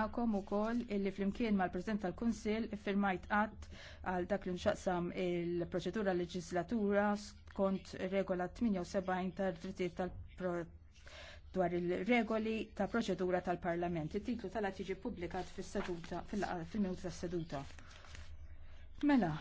għakom u koll illi flimkien mal president tal-Kunsil firmajt għat għal dak li nxaqsam il-proċedura leġislatura skont regola 78 tal-drittijiet tal dwar il-regoli ta' proċedura tal-Parlament. Il-titlu tal-għat jiġi publikat fil-minuta tas seduta Mela,